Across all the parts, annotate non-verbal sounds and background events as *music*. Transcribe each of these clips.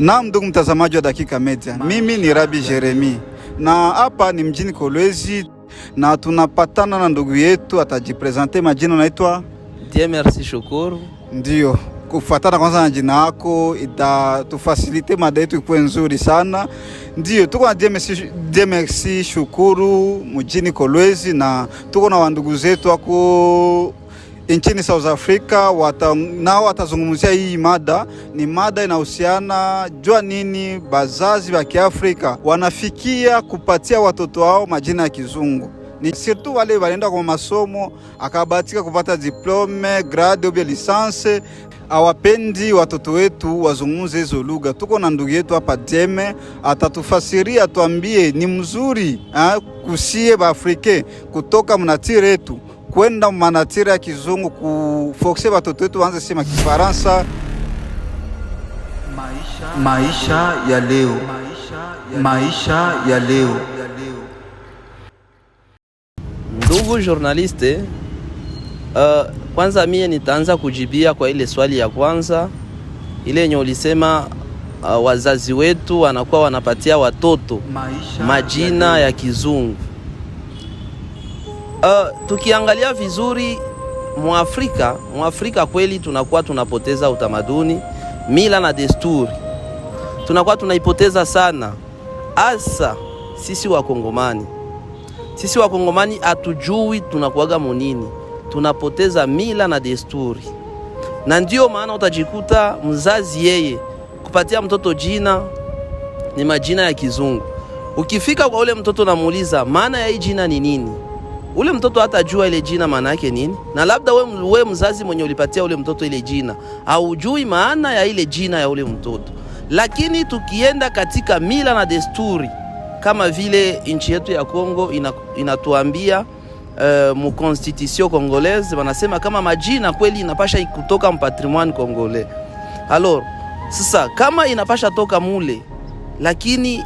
Na ndugu mtazamaji wa Dakika Media, mimi ni Rabi Jeremi na hapa ni mjini Kolwezi na tunapatana na ndugu yetu, atajipresente majina, naitwa DMRC Shukuru. Ndio kufuatana kwanza na jina yako itatufasilite mada yetu ikuwe nzuri sana. Ndio tuko na merci Shukuru mjini Kolwezi na tuko na wandugu zetu wako nchini South Africa wata, nao watazungumzia hii mada. Ni mada inahusiana jua nini bazazi wa Kiafrika wanafikia kupatia watoto wao majina ya kizungu ni surtout wale walienda kwa masomo akabatika kupata diplome grade au licence, Awapendi watoto wetu wazungumze hizo lugha. Tuko na ndugu yetu hapa Deme, atatufasiria atuambie ni mzuri ha, ah, kusie baafrike kutoka mnatire yetu kwenda manatira ya kizungu kuforse watoto wetu waanze sema Kifaransa. Maisha, maisha ya leo, maisha ya leo. Ndugu journaliste, uh, kwanza mie nitaanza kujibia kwa ile swali ya kwanza ile yenye ulisema uh, wazazi wetu wanakuwa wanapatia watoto maisha majina ya, ya kizungu Uh, tukiangalia vizuri Mwafrika, Mwafrika kweli tunakuwa tunapoteza utamaduni, mila na desturi, tunakuwa tunaipoteza sana, hasa sisi Wakongomani. Sisi Wakongomani hatujui tunakuwaga munini, tunapoteza mila na desturi, na ndiyo maana utajikuta mzazi yeye kupatia mtoto jina ni majina ya kizungu. Ukifika kwa ule mtoto namuuliza maana ya hii jina ni nini? ule mtoto hata ajua ile jina maana yake nini, na labda we, we mzazi mwenye ulipatia ule mtoto ile jina haujui maana ya ile jina ya ule mtoto. Lakini tukienda katika mila na desturi, kama vile nchi yetu ya Kongo inatuambia uh, eh, mu constitution congolaise wanasema kama majina kweli inapasha kutoka mpatrimoine congolais. Alors sasa kama inapasha toka mule lakini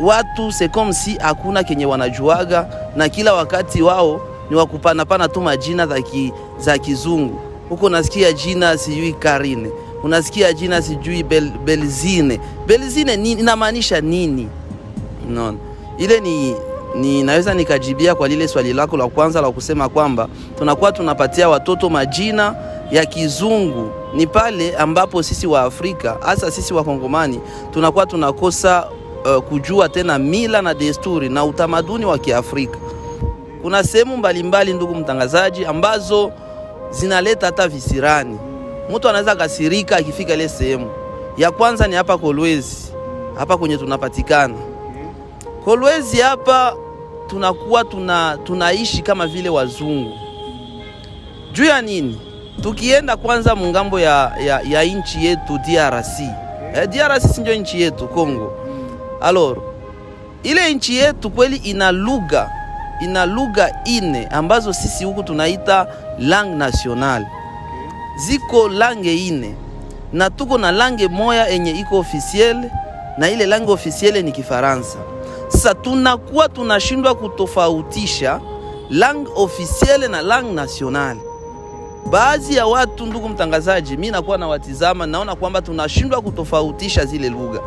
watu c'est comme si hakuna kenye wanajuaga, na kila wakati wao ni wakupanapana tu majina za za kizungu. Huko unasikia jina sijui Karine, unasikia jina sijui Bel, Belzine. Belzine ni, inamaanisha nini? Unaona, ile ni ni naweza nikajibia kwa lile swali lako la kwanza la kusema kwamba tunakuwa tunapatia watoto majina ya kizungu. Ni pale ambapo sisi wa Afrika hasa sisi wa Kongomani tunakuwa tunakosa uh, kujua tena mila na desturi na utamaduni wa Kiafrika. Kuna sehemu mbalimbali, ndugu mtangazaji, ambazo zinaleta hata visirani. Mtu anaweza kasirika akifika ile sehemu. Ya kwanza ni hapa Kolwezi, hapa kwenye tunapatikana Kolwezi hapa tunakuwa tuna, tunaishi kama vile wazungu. Juu ya nini? Tukienda kwanza mungambo ya, ya, ya nchi yetu DRC. Eh, DRC si ndio nchi yetu Kongo. Aloro, ile nchi yetu kweli ina lugha ina lugha ine ambazo sisi huku tunaita langue nationale, ziko langue ine na tuko na langue moya enye iko ofisiele, na ile langue ofisiele ni Kifaransa. Sasa tunakuwa tunashindwa kutofautisha langue ofisiele na langue nationale. Baadhi ya watu, ndugu mtangazaji, mi nakuwa nawatizama, naona kwamba tunashindwa kutofautisha zile lugha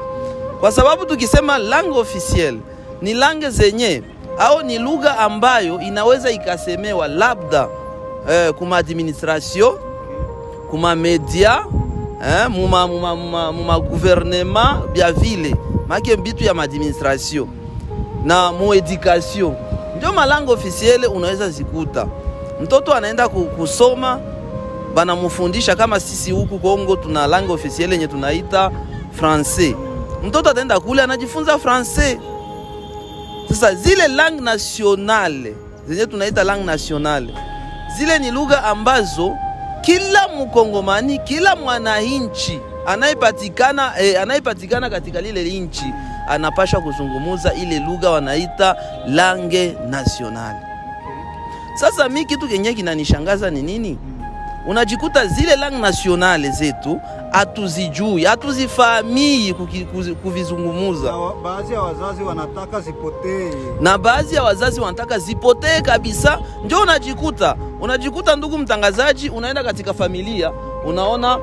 kwa sababu tukisema langue officielle ni langue zenye au ni lugha ambayo inaweza ikasemewa labda eh, kuma administration kuma media eh, muma, muma, muma, muma gouvernement bya vile make mbitu ya maadministration na muedikasio ndio malango ofisiele unaweza zikuta. Mtoto anaenda kusoma banamufundisha, kama sisi huku Kongo tuna langue officielle yenye tunaita francais mtoto ataenda kule anajifunza francais. Sasa zile langue nationale zenye tunaita langue nationale zile ni lugha ambazo kila mkongomani kila mwananchi anayepatikana eh, anayepatikana katika lile nchi anapasha kuzungumuza ile lugha wanaita langue nationale. Sasa mi kitu kenye kinanishangaza ni nini? Unajikuta zile langue nationale zetu hatuzijui, hatuzifahamii kuvizungumuza, na baadhi ya wazazi wanataka zipotee, na baadhi ya wazazi wanataka zipotee kabisa. Ndio unajikuta unajikuta, ndugu mtangazaji, unaenda katika familia, unaona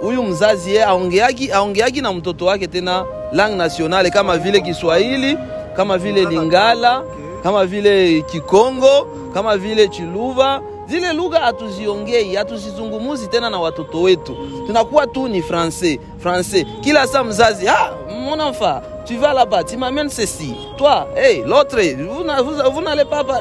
huyu mzazi yeye aongeagi aongeagi na mtoto wake tena lang nationale kama vile Kiswahili, kama vile Lingala, kama vile Kikongo, kama vile Chiluva zile lugha hatuziongei, hatuzizungumuzi tena na watoto wetu, tunakuwa tu ni francais francais. Kila saa mzazi, ah, mon enfant tu vas là-bas tu m'amènes ceci toi, hey, l'autre vous, vous, vous n'allez pas par...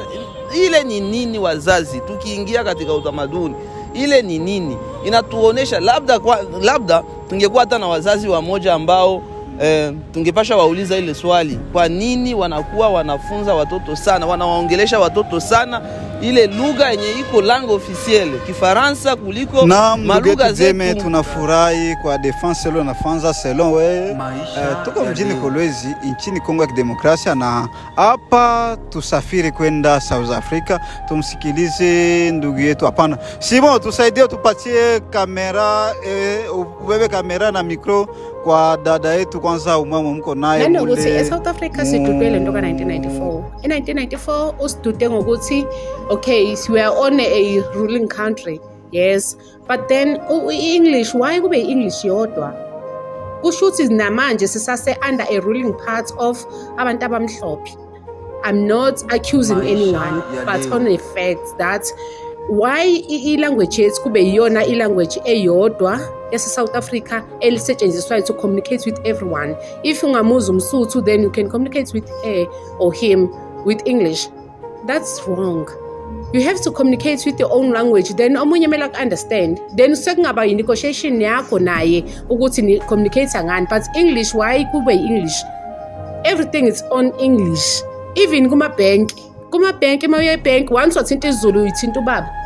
ile ni nini? Wazazi tukiingia katika utamaduni ile ni nini, inatuonesha labda, kwa, labda tungekuwa hata na wazazi wamoja ambao Eh, tungepasha wauliza ile swali, kwa nini wanakuwa wanafunza watoto sana, wanawaongelesha watoto sana ile lugha yenye iko langue officielle Kifaransa kuliko malugha zetu. Tunafurahi kwa defense leo nafanza selon we uh, tuko mjini Kolwezi nchini Kongo ya Kidemokrasia, na hapa tusafiri kwenda South Africa. Tumsikilize ndugu yetu. Hapana, Simon, tusaidie, tupatie kamera, eh, ubebe kamera na micro kwa dada yetu kwanza umwemo mko naye nani ukuthi e-South Africa sidudwe le nto ka-1994 e-1994 usidude ngokuthi okay weare on a ruling country yes but then i-english why kube i-english yodwa kusho ukuthi namanje sisase-under a ruling part of abantu abamhlophe i'm not accusing anyone but on a fact that why i-language yethu kube yiyona i-language eyodwa yase-south africa elisetshenziswayo to communicate with everyone if ungamuza umsuthu then you can communicate with her or him with english that's wrong you have to communicate with your own language then omunye kumele aku-understand then sekungaba yi-negotiation yakho naye ukuthi ni-communicate-a ngani but english why kube yi-english everything is on english even kumabhenki kumabhenki uma uya ebhenki once wathinta isiZulu uyithinta ubaba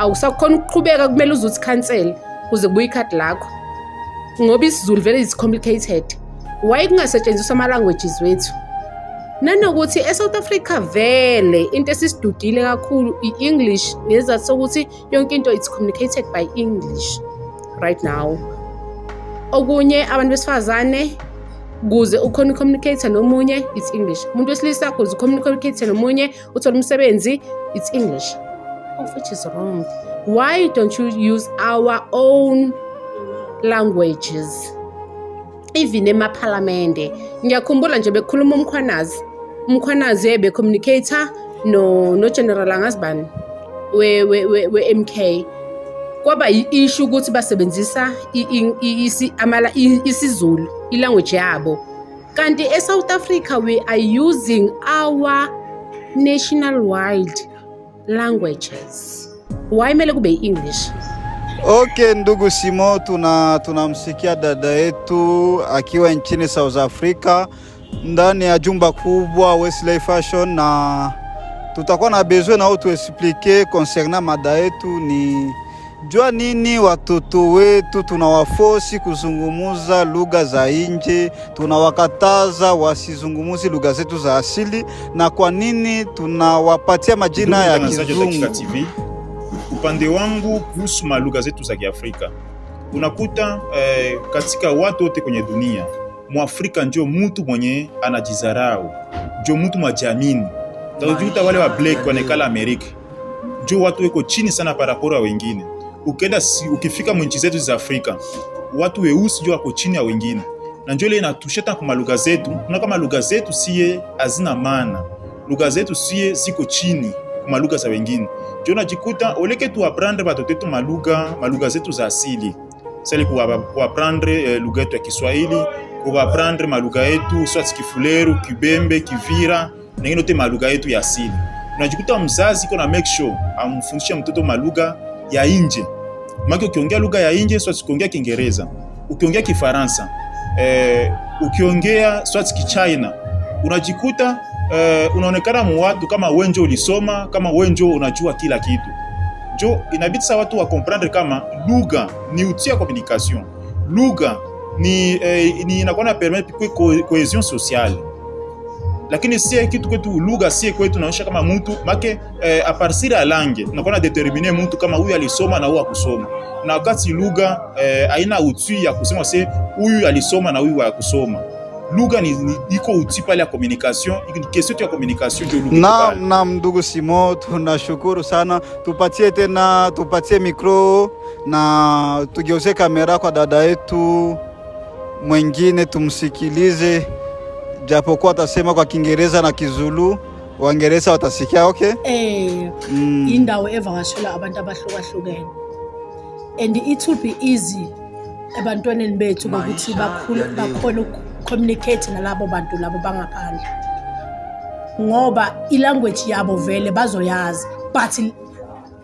awusakhona ukuqhubeka kumele uze uzikhansele kuze kubuye ikhadi lakho ngoba isizulu vele is complicated waye kungasetshenziswa ama-languages wethu nanokuthi e-south africa vele into esisidudile kakhulu i-english ngesizathu sokuthi yonke into it's communicated by english right now okunye abantu besifazane kuze ukhona ucommunicate nomunye it's english umuntu wesilisa kuze ucommunicate nomunye uthole umsebenzi it's english of which is wrong. Why don't you use our own languages? Even emaphalamende ngiyakhumbula nje bekhuluma umkhwanazi umkhwanazi ebe-communicator nogeneral no angazibani we-mk we, we, kwaba yi-ishu ukuthi basebenzisa isizulu ilanguage yabo kanti e-south africa we are using our national wide languages waimele kube English. Okay, ndugu Simo, tunamsikia tuna dada yetu akiwa nchini South Africa ndani ya jumba kubwa Westlife Fashion, na tutakuwa na besoin nao tuexplike concernant mada yetu ni jua nini watoto wetu tunawafosi kuzungumuza lugha za nje, tunawakataza wasizungumuzi lugha zetu za asili, na kwa nini tunawapatia majina ya kizungu? Upande wangu kuhusu malugha zetu za Kiafrika, unakuta eh, katika watu wote kwenye dunia Mwafrika ndio mtu mwenye anajizarau, ndio mtu mwajamini. Utakuta wale wa black wanekala Amerika, ndio watu weko chini sana parapora wengine ukenda si, ukifika mwinchi zetu za Afrika watu weusi ndio wako chini ya wengine, na njo ile inatusheta kwa lugha zetu. Na kama lugha zetu sie hazina maana, lugha zetu sie ziko chini kwa lugha za wengine, njo najikuta oleke tu aprendre batoto tu maluga maluga zetu za asili sali kuwaprendre eh, lugha yetu ya Kiswahili, kwa kuwaprendre malugha yetu swa Kifuleru, Kibembe, Kivira na ngine yote malugha yetu ya asili. Unajikuta mzazi kuna make sure amfundishe mtoto malugha ya nje. Maana ukiongea lugha ya nje, sio ukiongea Kiingereza, ukiongea Kifaransa, eh, ukiongea sio Kichina, unajikuta eh, unaonekana muwatu kama wenjo ulisoma, kama wenjo unajua kila kitu. Jo, inabidi sa watu wa comprendre kama lugha ni uti ya communication. Lugha ni eh, ni inakuwa na permettre cohesion sociale lakini si kitu kwetu lugha sie kwetu naonyesha kama mtu make eh, partir ya langue tunakuwa na determine mtu kama huyu alisoma na huyu akusoma, na wakati lugha eh, aina uti ya kusema si huyu alisoma na huyu hakusoma. Lugha ni, ni iko uti pale ya communication, question ya communication ndio lugha. Na na mdugu Simo, tunashukuru sana, tupatie tena tupatie mikro na tugeuze kamera kwa dada yetu mwingine tumsikilize japokuwa atasema kwa Kiingereza na Kizulu Wangereza watasikia okay? Eh, mm. Indawo evakashelwa abantu abahlukahlukene and it will be easy ebantwaneni bethu bokuthi bakhone ukucommunicate nalabo bantu labo bangaphandle ngoba ilanguage yabo vele bazoyazi but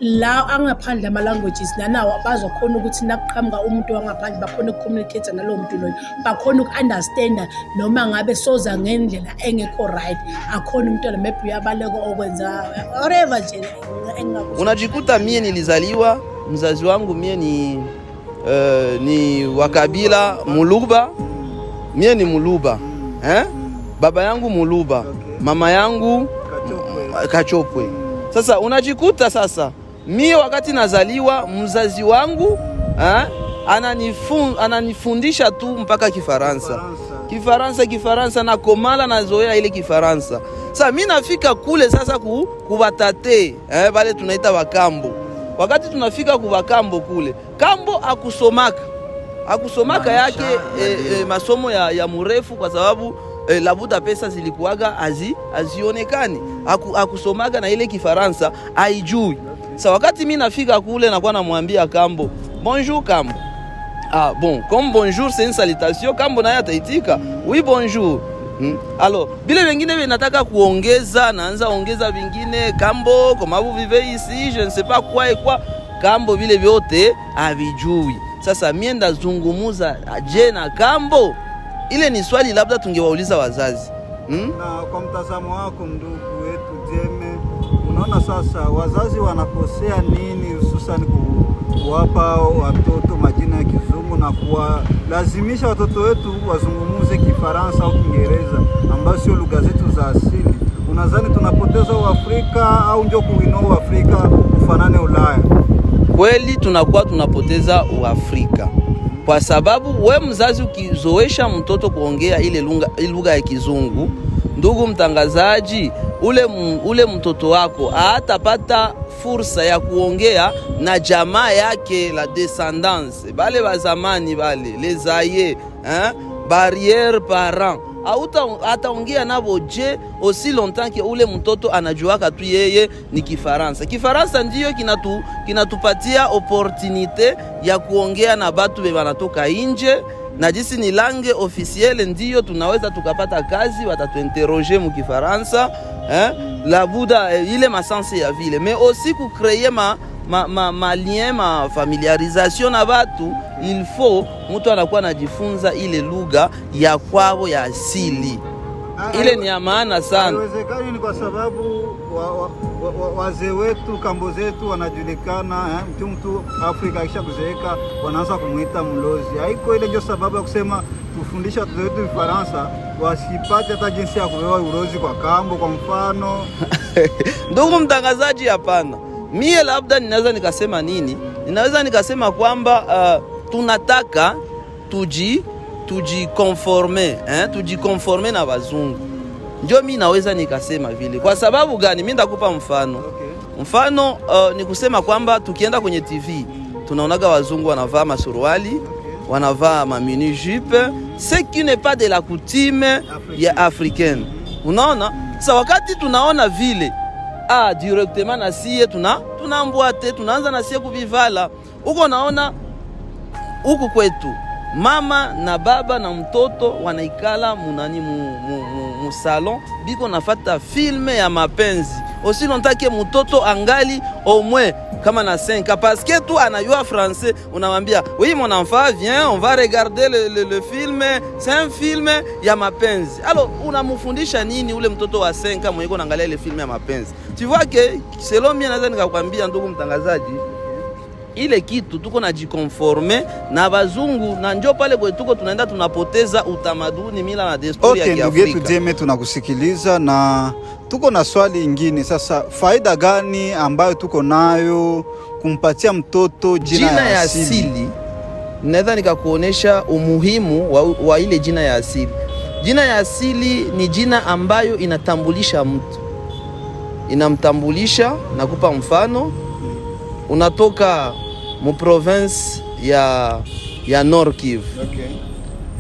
la angaphandle ama-languages nanawo bazokhona ukuthi nakuqhamuka umuntu wangaphandle bakhona uku-communicate-a nalowo muntu loyo bakhona uku-understand-a noma ngabe soza ngendlela engekho right akhona umntwana maybe uyabaleka okwenza whatever nje unajikuta mie nilizaliwa mzazi wangu miye ni, uh, ni wakabila muluba miye ni muluba eh? baba yangu muluba mama yangu kachopwe sasa unajikuta sasa Mie wakati nazaliwa mzazi wangu eh, ananifun, ananifundisha tu mpaka Kifaransa, Kifaransa, Kifaransa na komala nazoea ile Kifaransa. Sasa mi nafika kule sasa ku, kubatate eh, bale tunaita wakambo. Wakati tunafika kuwakambo kule, kambo akusomaka akusomaka yake eh, eh, masomo ya, ya murefu kwa sababu eh, labuda pesa zilikuwaga azionekani azi akusomaga na ile Kifaransa aijui Sa wakati mi nafika kule nakuwa namwambia Kambo, bonjour Kambo. Ah bon, comme bonjour c'est une salutation, Kambo naye ataitika oui bonjour. Hmm. Alo, bile vingine vinataka kuongeza, naanza ongeza vingine Kambo kama vous vivez ici, je ne sais pas quoi et quoi. Kambo vile vyote avijui. Sasa mienda zungumuza je na Kambo? Ile ni swali labda tungewauliza wazazi. Hmm? Na kwa mtazamo wako ndugu Unaona sasa, wazazi wanakosea nini, hususan kuwapa watoto majina ya kizungu na kuwalazimisha watoto wetu wazungumuze Kifaransa au Kiingereza ambayo sio lugha zetu za asili. Unadhani tunapoteza Uafrika au ndio kuinua Uafrika kufanane Ulaya? Kweli tunakuwa tunapoteza Uafrika kwa sababu we mzazi ukizoesha mtoto kuongea ile lugha ya kizungu Ndugu mtangazaji, ule, ule mtoto wako hatapata fursa ya kuongea na jamaa yake la descendance bale bazamani bale les aye hein? barriere parent ataongea navo je aussi longtemps ke ule mtoto anajuaka tu yeye ni Kifaransa. Kifaransa ndiyo kinatupatia kinatu opportunité ya kuongea na batu be banatoka inje na jisi ni lange officielle, ndiyo tunaweza tukapata kazi, watatuinterroger mukifaransa eh? Labuda eh, ile masanse ya vile mais aussi kukreye ma ma, ma, ma lien ma familiarisation na batu, il faut mtu anakuwa anajifunza ile lugha ya kwao ya asili ile ni ya maana sana. Haiwezekani ni kwa sababu wazee wa, wa, wa wetu kambo zetu wanajulikana eh, mtu mtu Afrika akisha kuzeeka wanaanza kumwita mlozi. Haiko ile ndio sababu ya kusema tufundisha watoto wetu Faransa wasipate hata jinsi ya kuwewa ulozi kwa kambo, kwa mfano *laughs* ndugu mtangazaji, hapana. Mie labda ninaweza nikasema nini? Ninaweza nikasema kwamba uh, tunataka tuji tujikonforme eh, tujikonforme na wazungu. Ndio mi naweza nikasema vile. Kwa sababu gani? Mi ndakupa mfano okay. Mfano uh, ni kusema kwamba tukienda kwenye TV tunaonaga wazungu wanavaa masuruali okay. wanavaa mamini jupe ce qui n'est pas de la coutume ya africaine. Unaona sa wakati tunaona vile ah, directement na sie tuna tunambwate tunaanza na sie kuvivala huko, naona huku kwetu mama na baba na mtoto wanaikala munani musalon mu, mu, mu biko nafata filme ya mapenzi osi nontake mtoto angali omwe kama na senka parce tu anayua français, unamwambia oui mon enfant viens on va regarder le, le, le film c'est un ya mapenzi. alo unamufundisha nini ule mtoto wa 5 mwenye kuangalia ile filme ya mapenzi? Tu vois que selon nikakwambia ndugu mtangazaji ile kitu tuko na jikonforme na bazungu, na njo pale kwetu tuko tunaenda tunapoteza utamaduni, mila na desturi okay, ya Kiafrika. Ndugu yetu Jeme, tunakusikiliza na tuko na swali ingine sasa. Faida gani ambayo tuko nayo kumpatia mtoto jina, jina ya asili, asili. Naweza nikakuonesha umuhimu wa, wa ile jina ya asili. Jina ya asili ni jina ambayo inatambulisha mtu, inamtambulisha. Nakupa mfano, unatoka mu province ya, ya Nord kiv okay.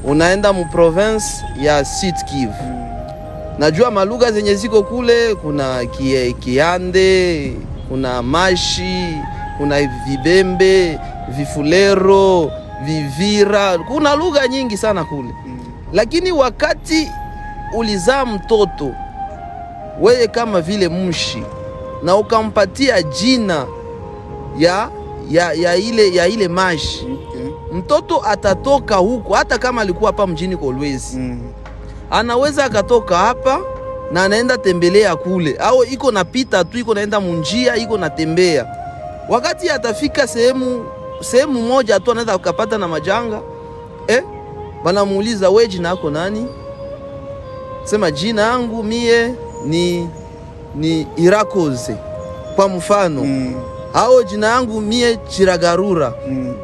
Unaenda mu province ya Sud kiv mm. Najua malugha zenye ziko kule, kuna kie, Kiande, kuna Mashi, kuna Vibembe, Vifulero, Vivira, kuna lugha nyingi sana kule mm. Lakini wakati ulizaa mtoto weye kama vile mshi na ukampatia jina ya ya, ya ile, ya ile mash okay. Mtoto atatoka huko hata kama alikuwa hapa mjini Kolwezi mm. Anaweza akatoka hapa na anaenda tembelea kule, au iko napita tu, iko naenda munjia, iko natembea. Wakati atafika sehemu sehemu moja tu, anaweza akapata na majanga eh? Wanamuuliza we jina yako nani? Sema jina yangu mie ni, ni Irakoze kwa mfano mm hao jina yangu mie Chiragarura mm.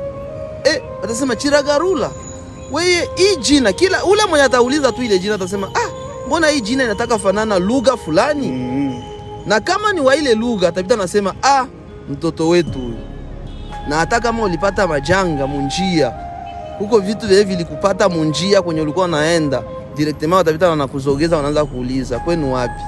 Eh, atasema Chiragarura weye hii jina, kila ule mwenye atauliza tu ile jina atasema ah, mbona hii jina inataka fanana lugha fulani mm. Na kama ni wa ile lugha atapita nasema ah, mtoto wetu huyu. Na hata kama ulipata majanga munjia huko, vitu vile vilikupata munjia kwenye ulikuwa naenda directement, watapita wanakuzogeza, wanaanza kuuliza kwenu wapi?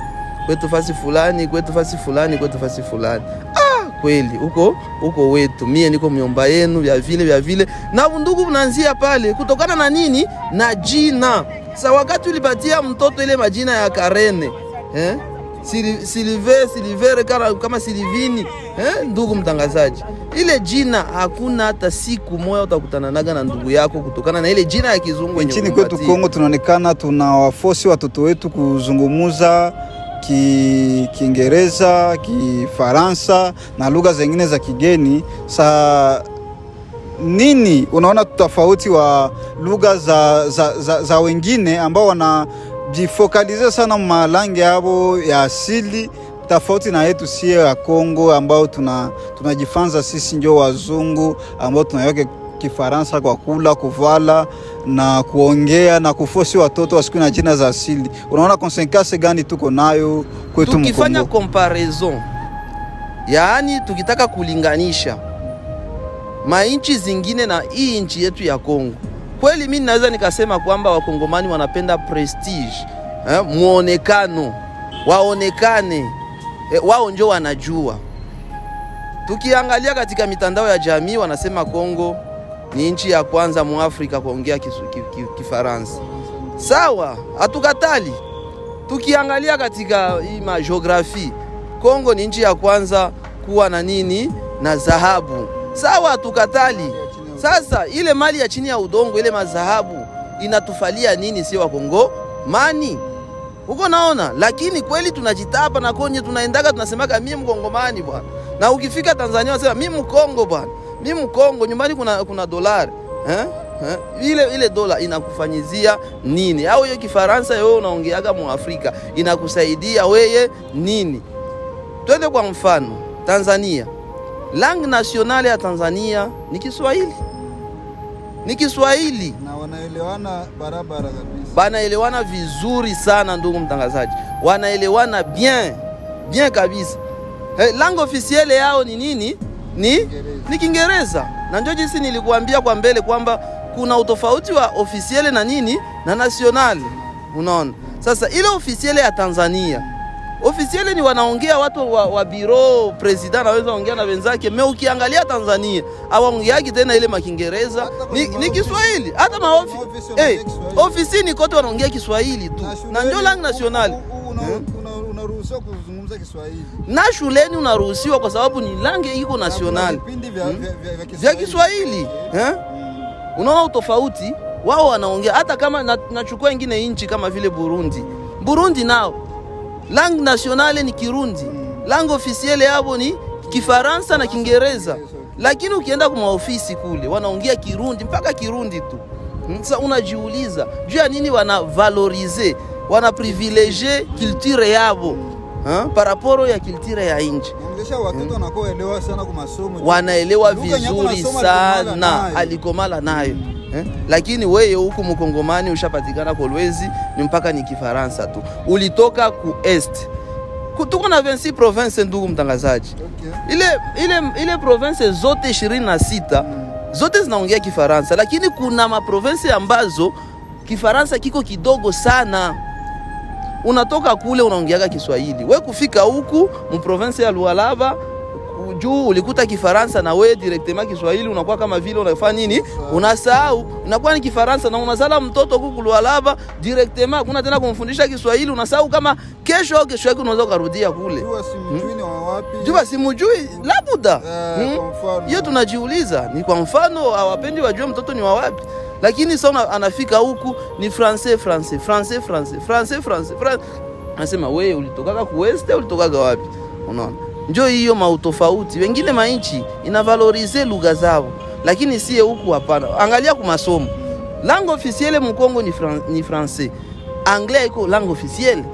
Kwetu fasi fulani, kwetu fasi fulani, kwetu fasi fulani ah! kweli huko huko wetu, mie niko myomba yenu vya vile vya vile, na undugu mnaanzia pale kutokana na nini? Na jina. Sa wakati ulipatia mtoto ile majina ya Karene eh? Silive, Silivere kama Silivini eh? Ndugu mtangazaji, ile jina hakuna hata siku moja utakutananaga na ndugu yako kutokana na ile jina ya kizungu. Nchini kwetu Kongo tunaonekana tunawafosi watoto wetu kuzungumuza Kiingereza, Kifaransa na lugha zingine za kigeni. Sa nini unaona tofauti wa lugha za, za, za, za wengine ambao wanajifokalize sana malange yao ya asili tofauti na yetu sio ya Kongo ambao tunajifanza tuna sisi ndio wazungu ambao tunayoke Kifaransa kwa kula, kuvala na kuongea na kufosi watoto wasiku na jina za asili. Unaona konsekwensi gani tuko nayo kwetu Mkongo? Tukifanya comparaison, yaani tukitaka kulinganisha mainchi zingine na hii nchi yetu ya Kongo, kweli mimi naweza nikasema kwamba wakongomani wanapenda prestige eh, muonekano waonekane eh, wao ndio wanajua. Tukiangalia katika mitandao ya jamii wanasema Kongo ni nchi ya kwanza muafrika kuongea Kifaransa. Sawa, hatukatali. Tukiangalia katika hii majiografi, Kongo ni nchi ya kwanza kuwa na nini na dhahabu. Sawa, hatukatali. Sasa ile mali ya chini ya udongo ile madhahabu inatufalia nini? Sio wakongo mani huko naona, lakini kweli tunajitapa na konye tunaendaga, tunasemaka mimi mkongomani bwana, na ukifika Tanzania unasema mimi mkongo bwana mi Mkongo, nyumbani kuna, kuna dolari eh? Eh? Ile, ile dola inakufanyizia nini? Au hiyo kifaransa yo unaongeaga mu Afrika inakusaidia weye nini? Twende kwa mfano Tanzania, langue nationale ya Tanzania ni Kiswahili ni Kiswahili na wanaelewana barabara kabisa, banaelewana vizuri sana ndugu mtangazaji, wanaelewana bien bien kabisa. Eh, langue officielle yao ni nini? ni ni Kiingereza, na ndio jinsi nilikuambia kwa mbele kwamba kuna utofauti wa ofisiele na nini na national Unaona sasa, ile ofisiele ya Tanzania, ofisiele ni wanaongea watu wa, wa biro president anaweza ongea na wenzake me. Ukiangalia Tanzania awaongeaki tena ile makingereza ni, ni Kiswahili. Hata maofi ofisini kote wanaongea Kiswahili tu na ndio lang nasionali unaruhusiwa kuzungumza Kiswahili na shuleni unaruhusiwa, kwa sababu ni lange iko nasionali hmm? vya Kiswahili. Eh. Eh? Unaona utofauti wao, wanaongea hata kama nachukua ingine nchi kama vile Burundi. Burundi nao lang nationale ni Kirundi, hmm. Lang officielle yao ni Kifaransa na Kiingereza, lakini ukienda kwa maofisi kule wanaongea Kirundi mpaka Kirundi tu. Hmm? Sasa unajiuliza juu ya nini wanavalorize wana privilege kilture yabo paraporo ya kilture ya inji. Wanaelewa vizuri sana, alikomala nayo Eh? Lakini weye huku mkongomani ushapatikana kolwezi ni mpaka ni kifaransa tu, ulitoka ku est tuko na 26 province ndugu mtangazaji. Okay. Ile, ile, ile province zote 26 mm, zote zinaongea kifaransa, lakini kuna maprovince ambazo kifaransa kiko kidogo sana unatoka kule unaongeaga Kiswahili, we kufika huku province ya Lualaba juu ulikuta Kifaransa na we directement Kiswahili unakuwa kama vile unafanya nini, unasahau unakuwa ni Kifaransa na unazala mtoto huku Lualaba directement, kuna tena kumfundisha Kiswahili, unasahau kama kesho au kesho yake unaweza kurudia kule jua simujui hmm? labuda eh, hmm? hiyo. Uh, hmm? Tunajiuliza ni kwa mfano hawapendi wajue mtoto ni wa wapi lakini sasa anafika huku ni francais francais francais francais francais francais francais, anasema wewe ulitokaga ku kuweste, ulitokaga wapi? Unaona, njo hiyo mautofauti. Wengine mainchi inavalorize lugha zao, lakini sie huku hapana. Angalia ku masomo, langue officielle mu Kongo ni fran, ni francais, anglais iko langue officielle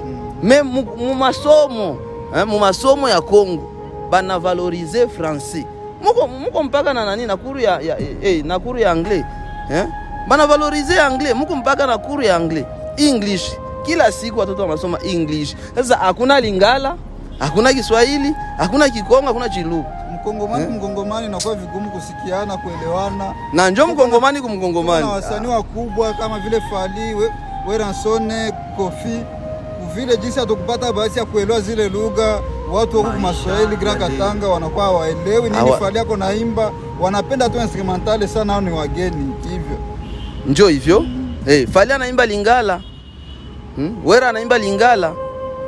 me mu masomo eh, mu masomo ya Kongo bana valorize francais muko muko mpaka na nani nakuru ya, ya, eh, eh nakuru ya anglais eh banavalorize anglais, muko mpaka na kuru ya anglais english. Kila siku watoto wanasoma english. Sasa hakuna Lingala, hakuna Kiswahili, hakuna Kikongo, hakuna Chiluba. Mkongomani eh? mkongomani, inakuwa vigumu kusikiana, kuelewana na njo mkongomani kumkongomani. Wasanii ah. wakubwa kama vile fali Weransone, Kofi vile jinsi hatukupata basi ya kuelewa zile lugha. Watu wako Maswahili gra Katanga wanakuwa hawaelewi nini fali yako naimba, wanapenda tu instrumentale sana, au ni wageni hivyo njo hivyo hey, eh, Fally anaimba Lingala hmm? Wera anaimba Lingala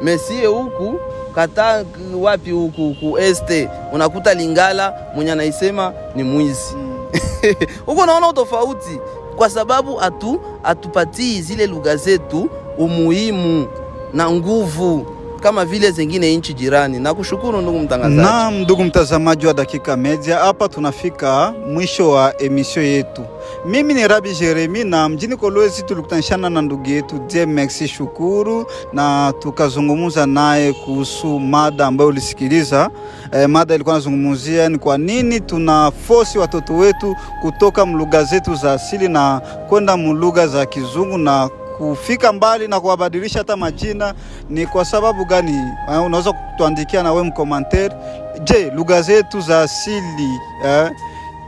mesie huku kata wapi huku huku este unakuta Lingala mwenye anaisema ni mwizi hmm. *laughs* huko. Naona tofauti kwa sababu atu atupatii zile lugha zetu umuhimu na nguvu kama vile zingine nchi jirani. Nakushukuru ndugu mtangazaji. Naam, ndugu mtazamaji wa Dakika Media, hapa tunafika mwisho wa emisio yetu. Mimi ni Rabi Jeremi na mjini Kolwezi tulikutanishana na ndugu yetu DMX Shukuru na tukazungumza naye kuhusu mada ambayo ulisikiliza. E, mada ilikuwa nazungumzia ni kwa nini tuna fosi watoto wetu kutoka mlugha zetu za asili na kwenda mlugha za kizungu na kufika mbali na kuwabadilisha hata majina. Ni kwa sababu gani? Eh, unaweza kutuandikia na we mkomantere. Je, lugha zetu za asili eh?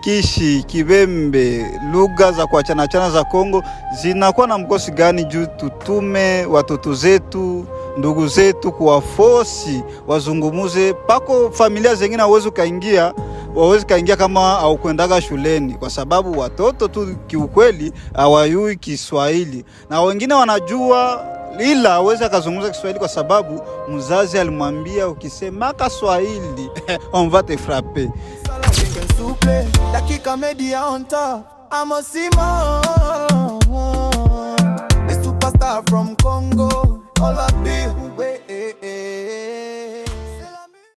Kishi, Kibembe, lugha za kuachanachana za Kongo zinakuwa na mkosi gani juu tutume watoto zetu ndugu zetu kuwafosi wazungumuze? Pako familia zengine hauwezi ukaingia wawezi kaingia kama aukwendaga shuleni, kwa sababu watoto tu kiukweli hawayui Kiswahili na wengine wanajua ila awezi akazungumza Kiswahili kwa sababu mzazi alimwambia ukisema Kiswahili *laughs* on va te frapper.